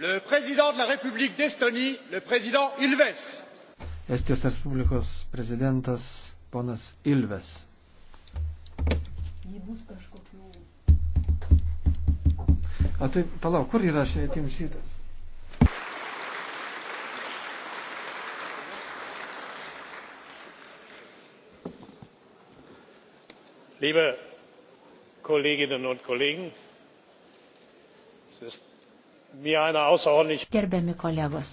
le président de la République d'Estonie, le président Ilves. Estijos Respublikos prezidentas ponas Ilves. A tai, palauk, kur yra šiandien šitas? Liebe Kolleginnen und Kollegen, es ist Gerbiami kolegos,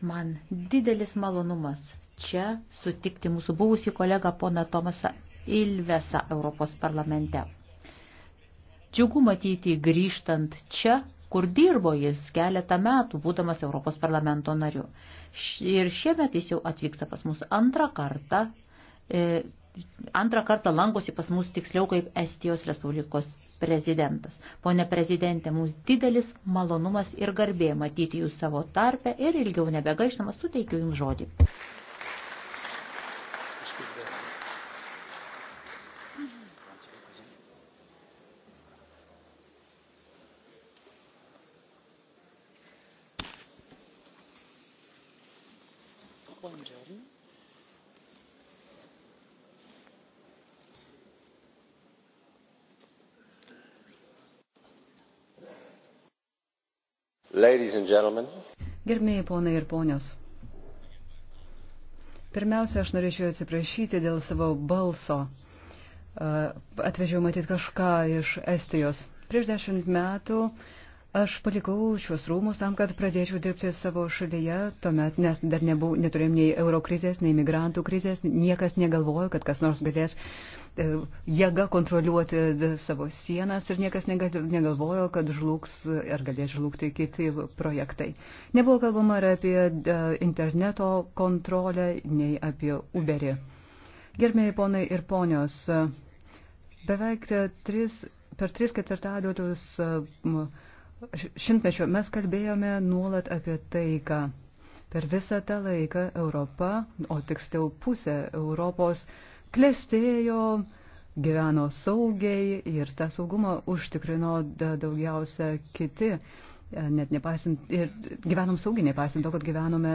man didelis malonumas čia sutikti mūsų buvusį kolegą poną Tomasą Ilvesą Europos parlamente. Džiugu matyti grįžtant čia, kur dirbo jis keletą metų, būdamas Europos parlamento nariu. Ir šiemet jis jau atvyksta pas mus antrą kartą. E, antrą kartą lankosi pas mus tiksliau kaip Estijos Respublikos prezidentas. Pone prezidentė, mums didelis malonumas ir garbė matyti jūs savo tarpę ir ilgiau nebegaištamas suteikiu jums žodį. Gerbėjai ponai ir ponios, pirmiausia, aš norėčiau atsiprašyti dėl savo balso. Atvežiau matyti kažką iš Estijos. Prieš dešimt metų uh, Aš palikau šios rūmus tam, kad pradėčiau dirbti savo šalyje, tuomet, nes dar nebuvau, neturėjom nei euro krizės, nei migrantų krizės, niekas negalvojo, kad kas nors galės e, jėga kontroliuoti e, savo sienas ir niekas negalvojo, kad žlugs e, ar galės žlugti kiti projektai. Nebuvo kalbama ir apie interneto kontrolę, nei apie Uberį. Gerbėjai ponai ir ponios, beveik tris, per tris ketvirtadalius šimtmečio mes kalbėjome nuolat apie taiką. Per visą tą laiką Europa, o tiksliau pusė Europos, klestėjo, gyveno saugiai ir tą saugumą užtikrino daugiausia kiti net nepasint, ir gyvenom saugiai, nepasint to, kad gyvenome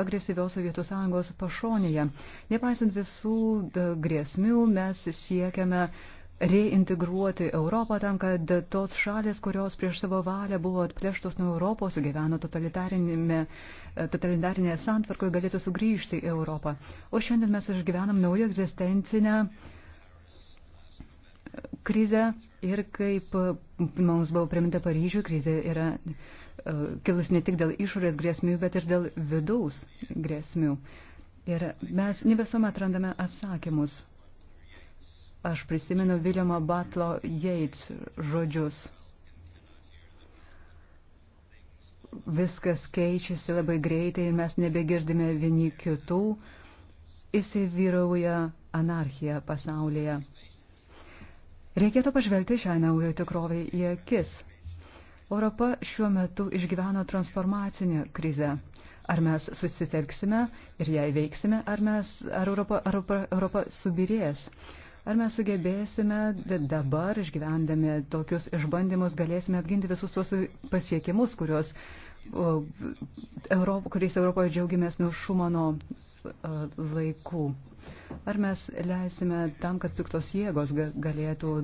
agresyviaus Sovietų sąjungos pašonėje. Nepasint visų grėsmių, mes siekiame reintegruoti Europą tam, kad tos šalis, kurios prieš savo valią buvo atplėštos nuo Europos, gyveno totalitarinėje santvarkoje, galėtų sugrįžti į Europą. O šiandien mes išgyvenam naują egzistencinę krizę ir kaip mums buvo priminta Paryžių, krizė yra e, kilus ne tik dėl išorės grėsmių, bet ir dėl vidaus grėsmių. Ir mes nebesuomet randame atsakymus Aš prisimenu Viljamo Batlo Yates žodžius. Viskas keičiasi labai greitai ir mes nebegirdime vieni kitų. Įsivyrauja anarchija pasaulyje. Reikėtų pažvelgti šią naują tikrovę į akis. Europa šiuo metu išgyveno transformacinę krizę. Ar mes susitelksime ir ją įveiksime, ar, mes, ar Europa, Europa, Europa subirės. Ar mes sugebėsime dabar, išgyvendami tokius išbandymus, galėsime apginti visus tuos pasiekimus, kurios, Europo, kuriais Europoje džiaugiamės nuo Šumano laikų? Ar mes leisime tam, kad piktos jėgos galėtų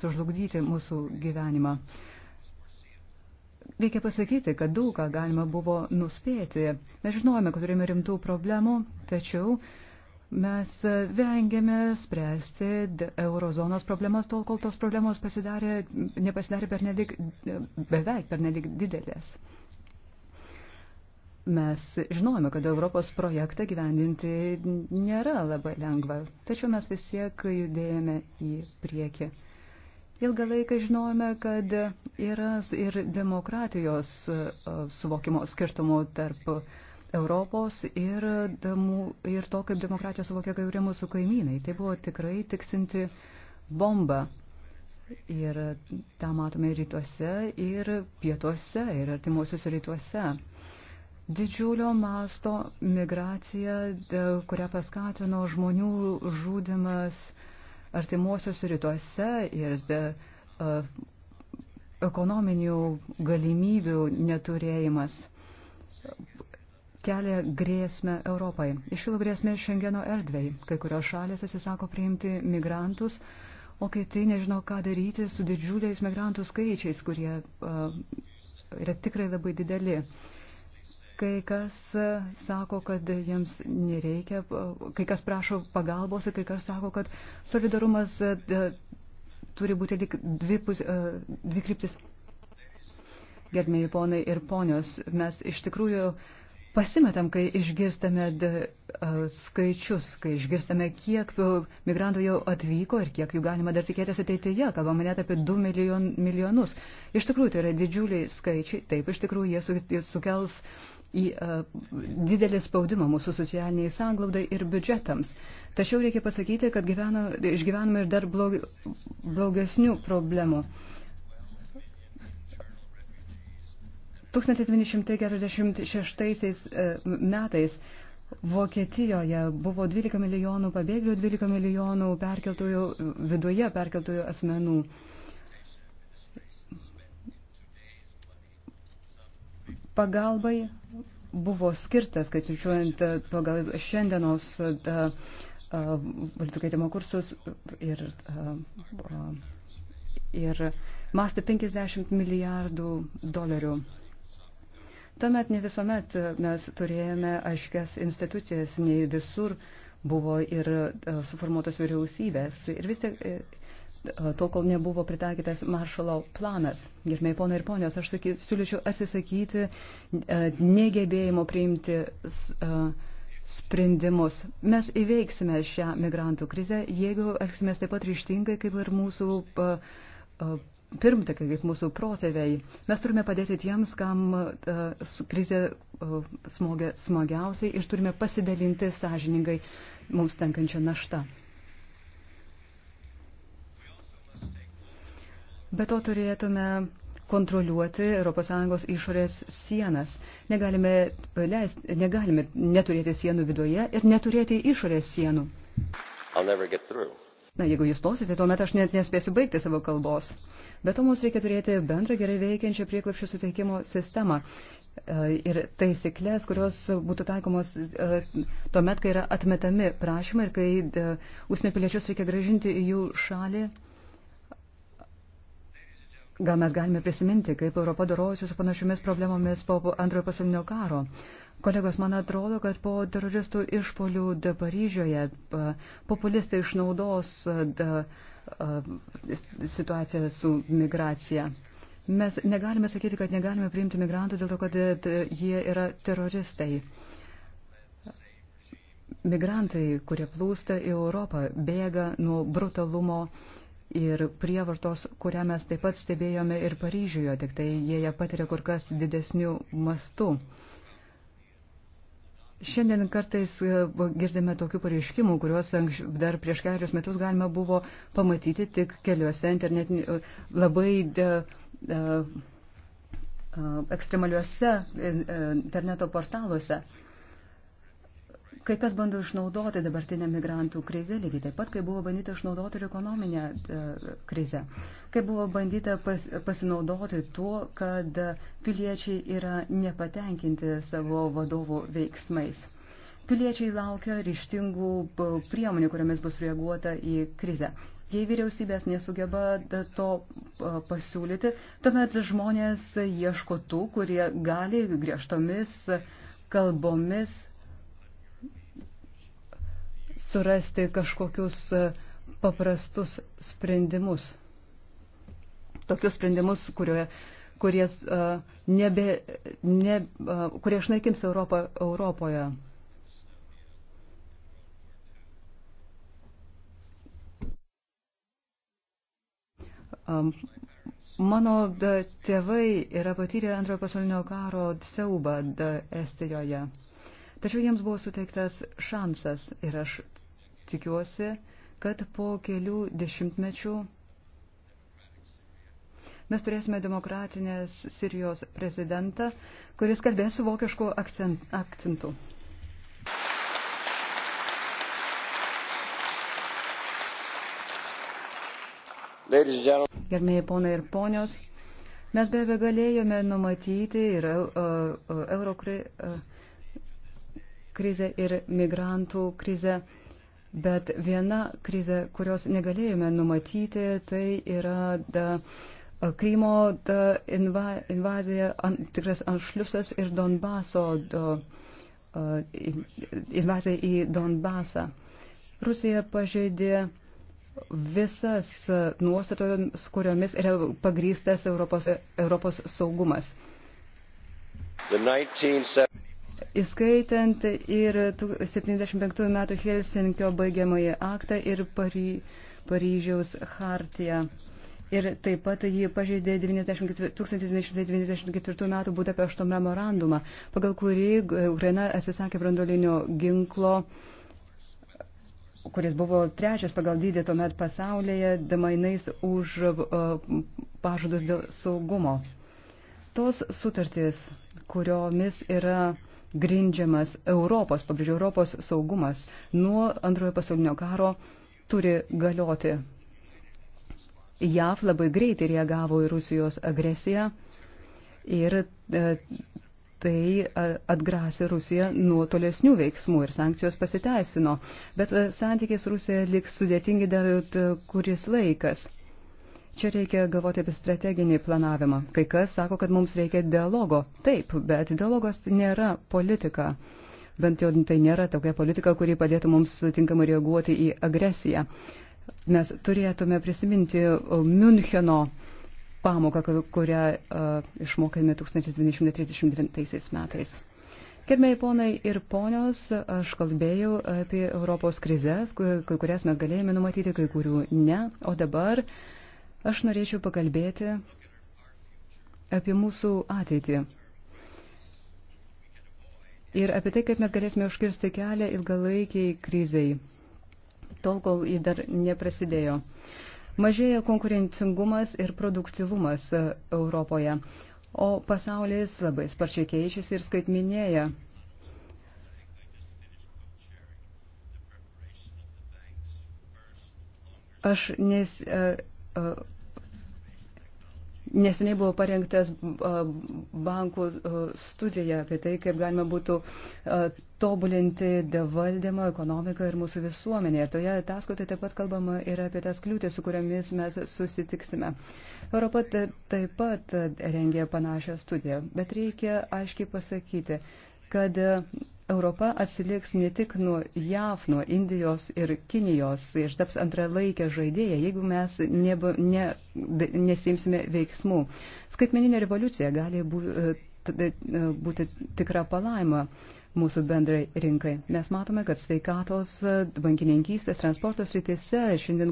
sužlugdyti mūsų gyvenimą? Reikia pasakyti, kad daug ką galima buvo nuspėti. Mes žinojame, kad turime rimtų problemų, tačiau uh, Mes vengiame spręsti eurozonos problemas tol, kol tos problemos pasidarė, nepasidarė per nelik, beveik per nelik didelės. Mes žinojame, kad Europos projektą gyvendinti nėra labai lengva, tačiau mes vis tiek judėjome į priekį. Ilgą laiką žinojame, kad yra ir demokratijos e, suvokimo skirtumų tarp uh, Europos ir, ir to, kaip demokratija suvokia, kai yra mūsų kaimynai. Tai buvo tikrai tiksinti bomba. Ir tą matome rytuose ir pietuose ir artimuosiuose rytuose. Didžiulio masto migracija, kurią paskatino žmonių žūdimas artimuosiuose rytuose ir uh, ekonominių galimybių neturėjimas kelia grėsmę Europai. Iškilo grėsmė Šengeno erdvėj. Kai kurios šalės atsisako priimti migrantus, o kiti nežino, ką daryti su didžiuliais migrantų skaičiais, kurie uh, yra tikrai labai dideli. Kai kas uh, sako, kad jiems nereikia, uh, kai kas prašo pagalbos ir kai kas sako, kad solidarumas uh, turi būti tik dvi, pus, dvi kryptis. Gerbėjai ponai ir ponios, mes iš tikrųjų uh, pasimetam, kai išgirstame skaičius, kai išgirstame, kiek migrantų jau atvyko ir kiek jų galima dar tikėtis ateityje. Kalbame net apie 2 milijon, milijonus. Iš tikrųjų, tai yra didžiuliai skaičiai. Taip, iš tikrųjų, jie, su, jie sukels į uh, didelį spaudimą mūsų socialiniai sanglaudai ir biudžetams. Tačiau reikia pasakyti, kad gyveno, išgyvenome ir dar blog, blogesnių problemų. Uh, 1946 e, metais Vokietijoje buvo 12 milijonų pabėgėlių, 12 milijonų perkeltųjų, viduje perkeltųjų asmenų. Pagalbai buvo skirtas, kad žiūrint pagal šiandienos e, e, valiutų keitimo kursus ir, ir mastą 50 milijardų dolerių. Tuomet ne visuomet mes turėjome aiškias institucijas, nei visur buvo ir e, suformuotos vyriausybės. Ir vis tiek e, to, kol nebuvo pritaikytas maršalo planas. Gerbėjai ponai ir ponios, aš saky, siūlyčiau atsisakyti e, negebėjimo priimti sprendimus. Mes įveiksime šią migrantų krizę, jeigu elgsime taip pat ryštingai, kaip ir mūsų pirmtakai, kaip mūsų protėviai. Mes turime padėti tiems, kam e, uh, krizė uh, e, smogia smagiausiai ir turime pasidalinti sąžiningai mums tenkančią naštą. Be to turėtume kontroliuoti ES išorės sienas. Negalime, leist, negalime neturėti sienų viduje ir neturėti išorės sienų. I'll never get through. Na, jeigu jūs klausite, tuomet aš net nespėsiu baigti savo kalbos. Bet to mums reikia turėti bendrą gerai veikiančią prieklapščių suteikimo sistemą e, ir taisyklės, kurios būtų taikomos e, tuomet, kai yra atmetami prašymai ir kai e, užsienio piliečius reikia gražinti į jų šalį. Gal mes galime prisiminti, kaip Europa dorojosi su panašiomis problemomis po antrojo pasaulinio karo. Kolegos, man atrodo, kad po teroristų išpolių Paryžioje populistai išnaudos da, situaciją su migracija. Mes negalime sakyti, kad negalime priimti migrantų dėl to, kad jie yra teroristai. Migrantai, kurie plūsta į Europą, bėga nuo brutalumo ir prievartos, kurią mes taip pat stebėjome ir Paryžiuje, tik tai jie ją patiria kur kas didesnių mastų. Šiandien kartais e, girdime tokių pareiškimų, kuriuos dar prieš kelius metus galima buvo pamatyti tik keliuose internetinių e, labai de, de, e, ekstremaliuose interneto portaluose. Kai kas bando išnaudoti dabartinę migrantų krizę, lygiai taip pat, kai buvo bandyta išnaudoti ir ekonominę e, krizę, kai buvo bandyta pas, pasinaudoti tuo, kad piliečiai yra nepatenkinti savo vadovų veiksmais. Piliečiai laukia ryštingų e, priemonių, kuriamis bus reaguota į krizę. Jei vyriausybės nesugeba to e, pasiūlyti, tuomet žmonės ieško tų, kurie gali griežtomis kalbomis surasti kažkokius e, paprastus sprendimus. Tokius sprendimus, kurioje, kurie, e, nebe, ne, e, kurie išnaikins Europą Europoje. Mano da, tėvai yra patyrę antrojo pasaulinio karo siaubą Estijoje. Tačiau jiems buvo suteiktas šansas ir aš tikiuosi, kad po kelių dešimtmečių mes turėsime demokratinės Sirijos prezidentą, kuris kalbės su vokišku akcentu. Gerbėjai ponai ir ponios, mes be abejo galėjome numatyti ir uh, uh, e- e- Eurokri. Uh, e- krizę ir migrantų krizę. Bet viena krizė, kurios negalėjome numatyti, tai yra da, Krymo da, inva, invazija, an, tikras anšliusas ir Donbaso da, invazija į Donbasą. Rusija pažeidė visas nuostatomis, kuriomis yra pagrystas Europos, Europos saugumas. 19 įskaitant ir 75 metų Helsinkio baigiamąjį aktą ir Pary, Paryžiaus hartiją. Ir taip pat jį pažeidė 1994 metų Budapešto memorandumą, pagal kurį e, Ukraina atsisakė brandolinio ginklo, kuris buvo trečias pagal dydį tuomet pasaulyje, damainais už e, pažadus dėl saugumo. Tos sutartys, kuriomis yra grindžiamas Europos, pabrėžiu, Europos saugumas nuo antrojo pasaulinio karo turi galioti. JAV labai greitai reagavo į Rusijos agresiją ir e, tai e, atgrasė Rusiją nuo tolesnių veiksmų ir sankcijos pasiteisino. Bet e, santykiai su Rusija liks sudėtingi dar kuris laikas. Čia reikia galvoti apie strateginį planavimą. Kai kas sako, kad mums reikia dialogo. Taip, bet dialogas nėra politika. Bent jau tai nėra tokia politika, kuri padėtų mums tinkamai reaguoti į agresiją. Mes turėtume prisiminti e, Müncheno pamoką, kurią uh, išmokėme 1939 metais. Gerbėjai ponai ir ponios, aš kalbėjau apie Europos krizės, kai kurias mes galėjome numatyti, kai kurių ne. O dabar uh, Aš norėčiau pakalbėti apie mūsų ateitį ir apie tai, kaip mes galėsime užkirsti kelią ilgalaikiai kriziai, tol kol jį dar neprasidėjo. Mažėja konkurencingumas ir produktivumas e, Europoje, o pasaulis labai sparčiai keičiasi ir skaitminėja. Aš nes, e, Neseniai buvo parengtas bankų studija apie tai, kaip galima būtų tobulinti valdymą, ekonomiką ir mūsų visuomenę. Ir toje ataskaitoje taip pat kalbama ir apie tas kliūtis, su kuriamis mes susitiksime. Europa taip pat rengė panašią studiją, bet reikia aiškiai pasakyti, kad Europa atsiliks ne tik nuo JAV, nuo Indijos ir Kinijos ir taps antralaikę žaidėją, jeigu mes neb, ne, nesimsime veiksmų. Skaitmeninė revoliucija gali būti, e, e, būti tikra palaima mūsų bendrai rinkai. Mes matome, kad sveikatos, bankininkystės, transporto srityse šiandien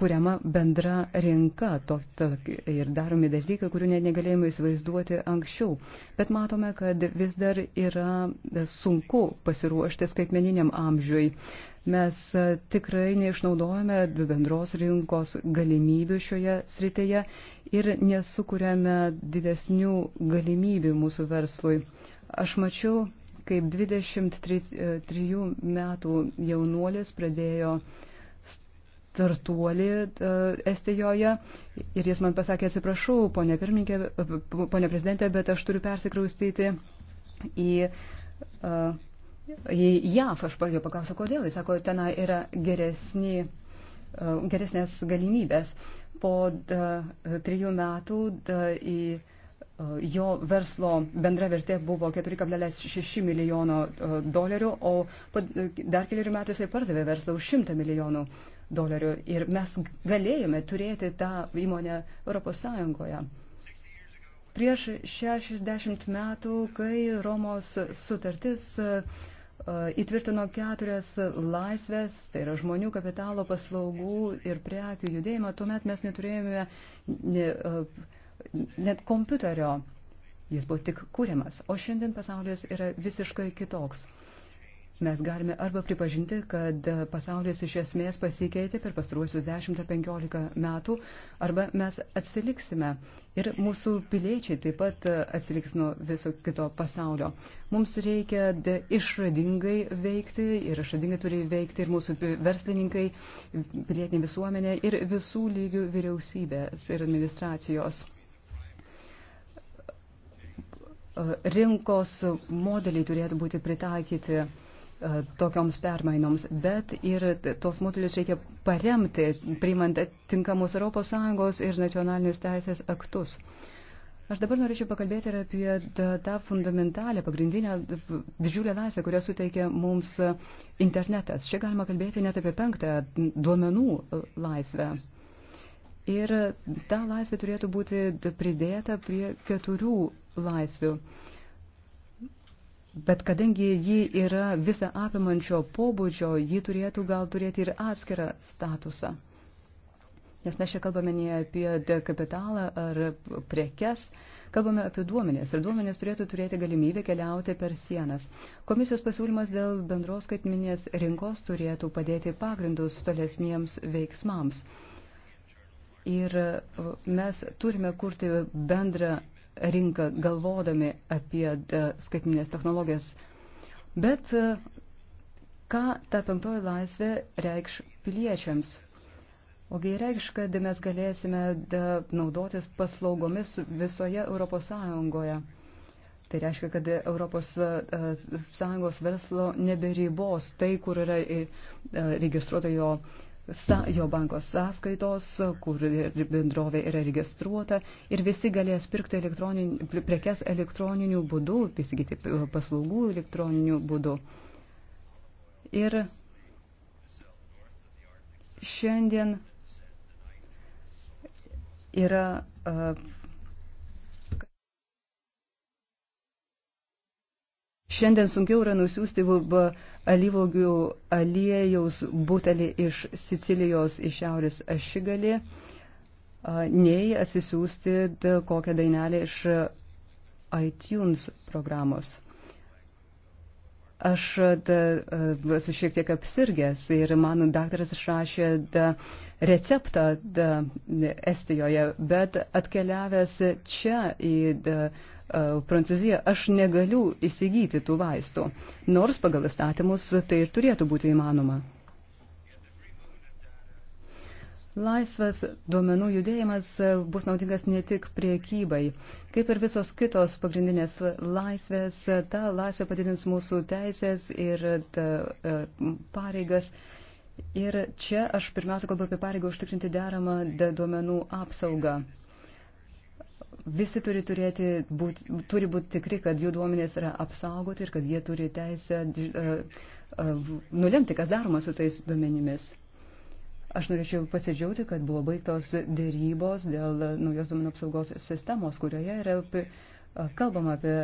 kuriama bendra rinka to, to, ir daromi dalykai, kurių net negalėjome įsivaizduoti anksčiau. Bet matome, kad vis dar yra sunku pasiruošti skaitmeniniam amžiui. Mes tikrai neišnaudojame bendros rinkos galimybių šioje srityje ir nesukūrėme didesnių galimybių mūsų verslui. Aš mačiau, kaip 23 e, metų jaunuolis pradėjo startuolį e, Estijoje ir jis man pasakė, atsiprašau, ponė, e, ponė prezidentė, bet aš turiu persikraustyti į. Į JAF aš pradėjau paklausau, kodėl. Jis sako, ten yra geresni, geresnės galimybės. Po trijų metų į jo verslo bendra vertė buvo 4,6 milijono e, dolerių, o e, dar keliarių metų jisai pardavė verslą už 100 milijonų dolerių. Ir mes galėjome turėti tą įmonę Europos Sąjungoje. Prieš 60 metų, kai Romos sutartis e, įtvirtino keturias laisvės, tai yra žmonių kapitalo paslaugų ir prekių judėjimą, tuomet mes neturėjome net kompiuterio. Jis buvo tik kūriamas, o šiandien pasaulis yra visiškai kitoks. Mes galime arba pripažinti, kad pasaulis iš esmės pasikeitė per pastaruosius 10-15 metų, arba mes atsiliksime ir mūsų piliečiai taip pat atsiliks nuo viso kito pasaulio. Mums reikia išradingai veikti ir išradingai turi veikti ir mūsų verslininkai, pilietinė visuomenė ir visų lygių vyriausybės ir administracijos. E, rinkos modeliai turėtų būti pritaikyti e, tokioms permainoms, bet ir tos modelius reikia paremti, priimant tinkamus ES ir nacionalinius teisės aktus. Aš dabar norėčiau pakalbėti ir apie tą fundamentalę, pagrindinę, didžiulę laisvę, kurią suteikia mums internetas. Čia galima kalbėti net apie penktą duomenų e, laisvę. Ir ta laisvė turėtų būti pridėta prie keturių laisvių. Bet kadangi ji yra visą apimančio pobūdžio, ji turėtų gal turėti ir atskirą statusą. Nes mes čia kalbame ne apie kapitalą ar prekes, kalbame apie duomenės. Ir duomenės turėtų turėti galimybę keliauti per sienas. Komisijos pasiūlymas dėl bendros skaitminės rinkos turėtų padėti pagrindus tolesniems veiksmams. Ir e, mes turime kurti bendrą rinką, galvodami apie e, skaitminės technologijas. Bet e, ką ta penktoji laisvė reikš piliečiams? Ogi reikš, kad mes galėsime naudotis paslaugomis visoje Europos Sąjungoje. Tai reiškia, kad ES verslo neberibos tai, kur yra registruotojo sa, jo banko sąskaitos, kur bendrovė yra registruota ir visi galės pirkti elektronin, prekes elektroniniu būdu, įsigyti paslaugų elektroniniu būdu. Ir šiandien yra uh, Šiandien sunkiau yra nusiųsti alyvogių aliejaus butelį iš Sicilijos į šiaurės ašigalį, nei atsisiųsti kokią dainelę iš iTunes programos. Aš da, esu šiek tiek apsirgęs ir mano daktaras išrašė da, receptą da, Estijoje, bet atkeliavęs čia į da, E, Prancūziją, aš negaliu įsigyti tų vaistų, nors pagal įstatymus tai ir turėtų būti įmanoma. Laisvas duomenų judėjimas e, bus naudingas ne tik priekybai. Kaip ir visos kitos pagrindinės laisvės, e, ta laisvė padidins mūsų teisės ir ta, pareigas. Ir čia aš pirmiausia kalbu apie pareigą užtikrinti deramą duomenų apsaugą visi turi turėti, būt, turi būti tikri, kad jų duomenės yra apsaugoti ir kad jie turi teisę uh, uh, nulemti, kas daroma su tais duomenimis. Aš norėčiau pasidžiaugti, kad buvo baigtos dėrybos dėl naujos duomenų apsaugos sistemos, kurioje yra kalbama apie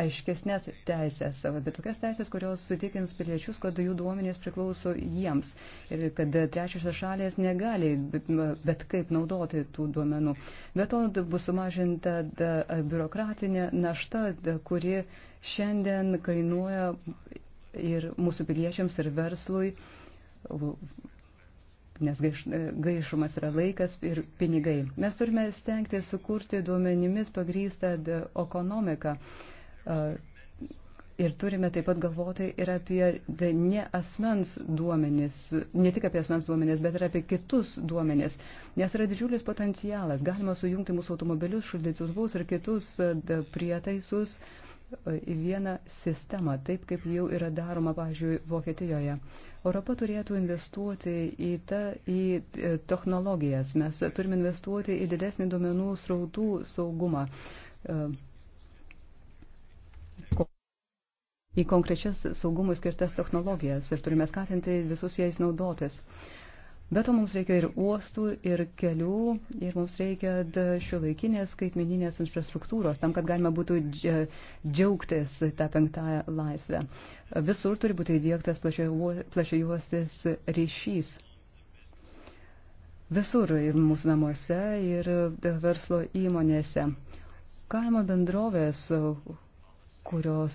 aiškesnės teisės, bet tokias teisės, kurios sutikins piliečius, kad jų duomenys priklauso jiems ir kad trečiosios šalės negali bet kaip naudoti tų duomenų. Be to bus sumažinta biurokratinė našta, kuri šiandien kainuoja ir mūsų piliečiams, ir verslui, nes gaiš, gaišumas yra laikas ir pinigai. Mes turime stengti sukurti duomenimis pagrystą ekonomiką. Ir turime taip pat galvoti ir apie ne asmens duomenis, ne tik apie asmens duomenis, bet ir apie kitus duomenis, nes yra didžiulis potencialas. Galima sujungti mūsų automobilius, šaldytuvus ir kitus prietaisus į vieną sistemą, taip kaip jau yra daroma, pavyzdžiui, Vokietijoje. Europa turėtų investuoti į, ta, į e, technologijas, mes turime investuoti į didesnį duomenų srautų saugumą. Uh, į konkrečias saugumui skirtas technologijas ir turime skatinti visus jais naudotis. Bet to mums reikia ir uostų, ir kelių, ir mums reikia šiuolaikinės skaitmeninės infrastruktūros, tam, kad galima būtų džiaugtis tą penktąją laisvę. Visur turi būti įdėktas plačiai juostis ryšys. Visur, ir mūsų namuose, ir verslo įmonėse. Kaimo bendrovės, kurios,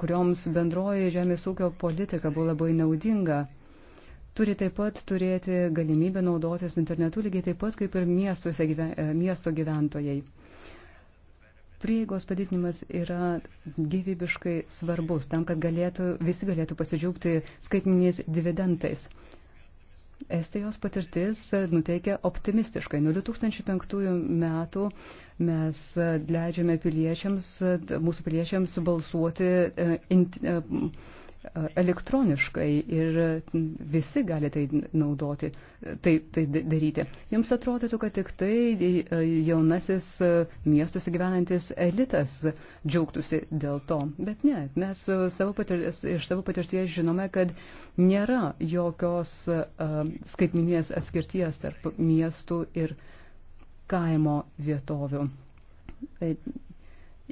kurioms bendroji žemės ūkio politika buvo labai naudinga, turi taip pat turėti galimybę naudotis internetu lygiai taip pat kaip ir gyven, e, miesto gyventojai. Prieigos padidinimas yra gyvybiškai svarbus tam, kad galėtų, visi galėtų pasidžiaugti skaitminiais dividendais. Estijos patirtis nuteikia optimistiškai. Nuo 2005 metų mes leidžiame piliečiams, mūsų piliečiams balsuoti. Uh, e, in, uh, e, elektroniškai ir visi gali tai naudoti, tai, tai daryti. Jums atrodytų, kad tik tai e, jaunasis e, miestuose gyvenantis elitas džiaugtųsi dėl to, bet ne, mes e, savo patirties, iš savo patirties žinome, kad nėra jokios uh, skaitminės atskirties tarp miestų ir kaimo vietovių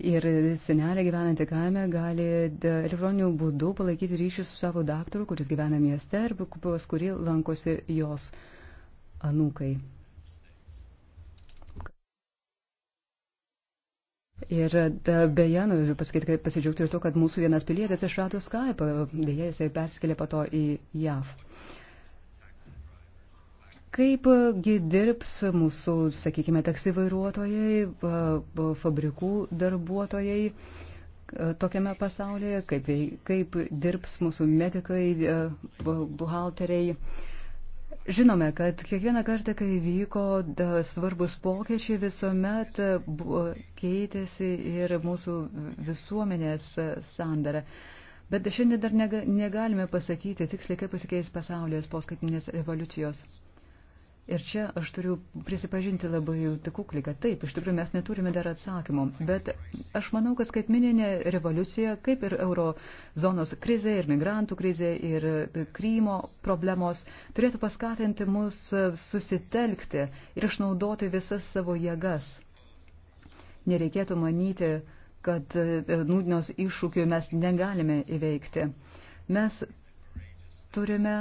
Ir senelė gyvenanti kaime gali elektroniniu būdu palaikyti ryšį su savo daktaru, kuris gyvena mieste ir pas kurį lankosi jos anūkai. Ir da, beje, noriu pasakyti, pasidžiaugti ir to, kad mūsų vienas pilietis išrado Skype, dėja jisai persikėlė po to į JAV. Kaipgi e, dirbs mūsų, sakykime, taksi vairuotojai, e, e, fabrikų darbuotojai tokiame pasaulyje, kaip, kaip dirbs mūsų medikai, buhalteriai. Žinome, kad kiekvieną kartą, kai vyko da, svarbus pokyčiai, visuomet bu, keitėsi ir mūsų visuomenės sandara. Bet šiandien dar negalime pasakyti tiksliai, kaip pasikeis pasaulis po skaitinės revoliucijos. Ir čia aš turiu prisipažinti labai tikukliai, kad taip, iš tikrųjų mes neturime dar atsakymų. Bet aš manau, kad skaitmininė revoliucija, kaip ir eurozonos krizė, ir migrantų krizė, ir Krymo problemos, turėtų paskatinti mus susitelkti ir išnaudoti visas savo jėgas. Nereikėtų manyti, kad nūdienos iššūkių mes negalime įveikti. Mes turime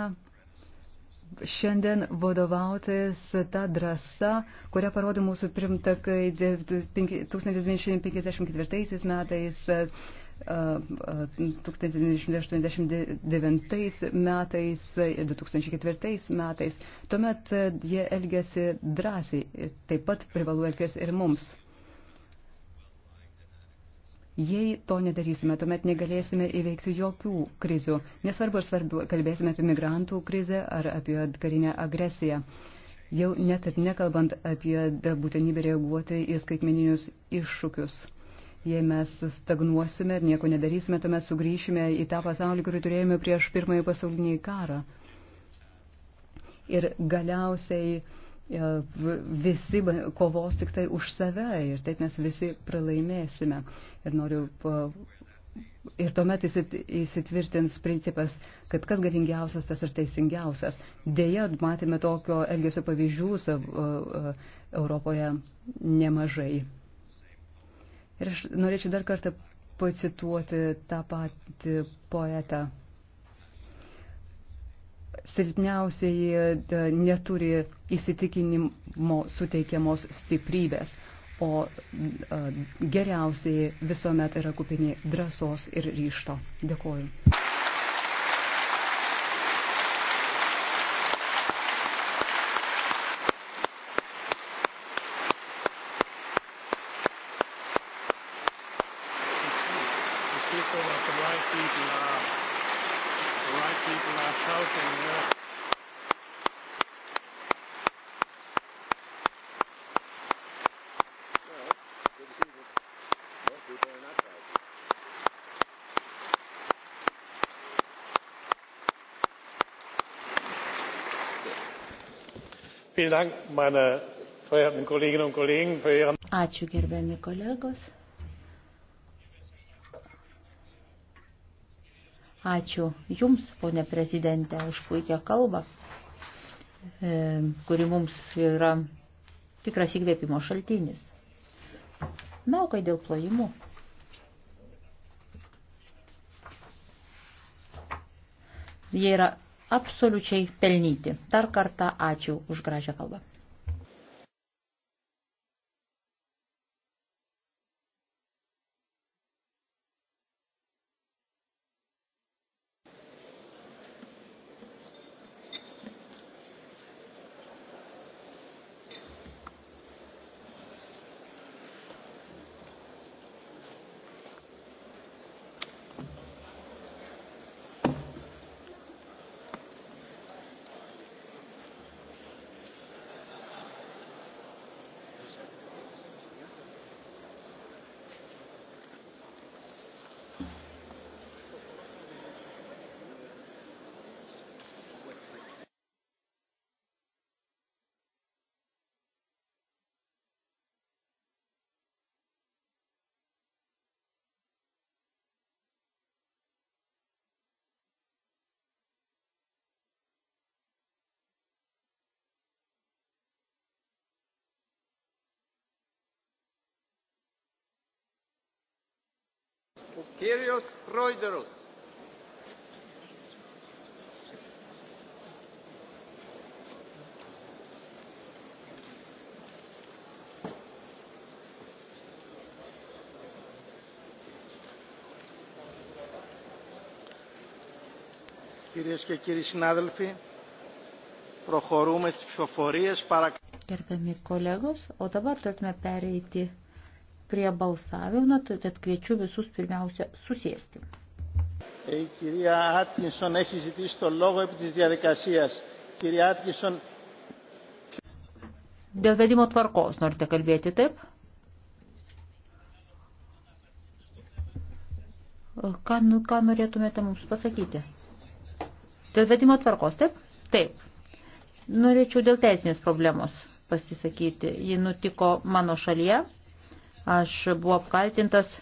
šiandien vadovautis tą drąsą, kurią parodė mūsų primtakai 1954 metais. 1989 metais ir 2004 metais. Tuomet jie elgėsi drąsiai, taip pat privalu elgės ir mums. Jei to nedarysime, tuomet negalėsime įveikti jokių krizių. Nesvarbu, ar svarbu, kalbėsime apie migrantų krizę ar apie karinę agresiją. Jau net ir nekalbant apie būtinybę reaguoti į skaitmeninius iššūkius. Jei mes stagnuosime ir nieko nedarysime, tuomet sugrįšime į tą pasaulį, kurį turėjome prieš pirmąjį pasaulinį karą. Ir galiausiai E, visi kovos tik tai už save ir taip mes visi pralaimėsime. Ir, noriu, ir tuomet įsitvirtins principas, kad kas galingiausias, tas ir teisingiausias. Deja, matėme tokio elgesio pavyzdžių savo, e, e, Europoje nemažai. Ir aš norėčiau dar kartą pacituoti tą patį poetą silpniausiai e, neturi įsitikinimo suteikiamos stiprybės, o e, geriausiai visuomet yra kupini drąsos ir ryšto. Dėkuoju. Ačiū gerbiami kolegos. Ačiū Jums, ponė prezidentė, už puikią kalbą, e, kuri mums yra tikras įkvėpimo šaltinis. Na, o kai dėl plojimų? Jie yra absoliučiai pelnyti. Dar kartą ačiū už gražią kalbą. Kyrios Proiderus. Κυρίες και κύριοι συνάδελφοι, προχωρούμε στις ψηφοφορίες. Παρακαλώ. Gerbiami kolegos, o dabar turime pereiti prie balsavimo, tad kviečiu visus pirmiausia susėsti. Η κυρία Άτκινσον έχει ζητήσει το λόγο επί της διαδικασίας. Κυρία Άτκινσον... Dėl vedimo tvarkos norite kalbėti taip? Ką, nu, ką norėtumėte mums pasakyti? Dėl vedimo tvarkos, taip? Taip. Norėčiau dėl teisinės problemos pasisakyti. Ji nutiko mano šalyje Aš buvau apkaltintas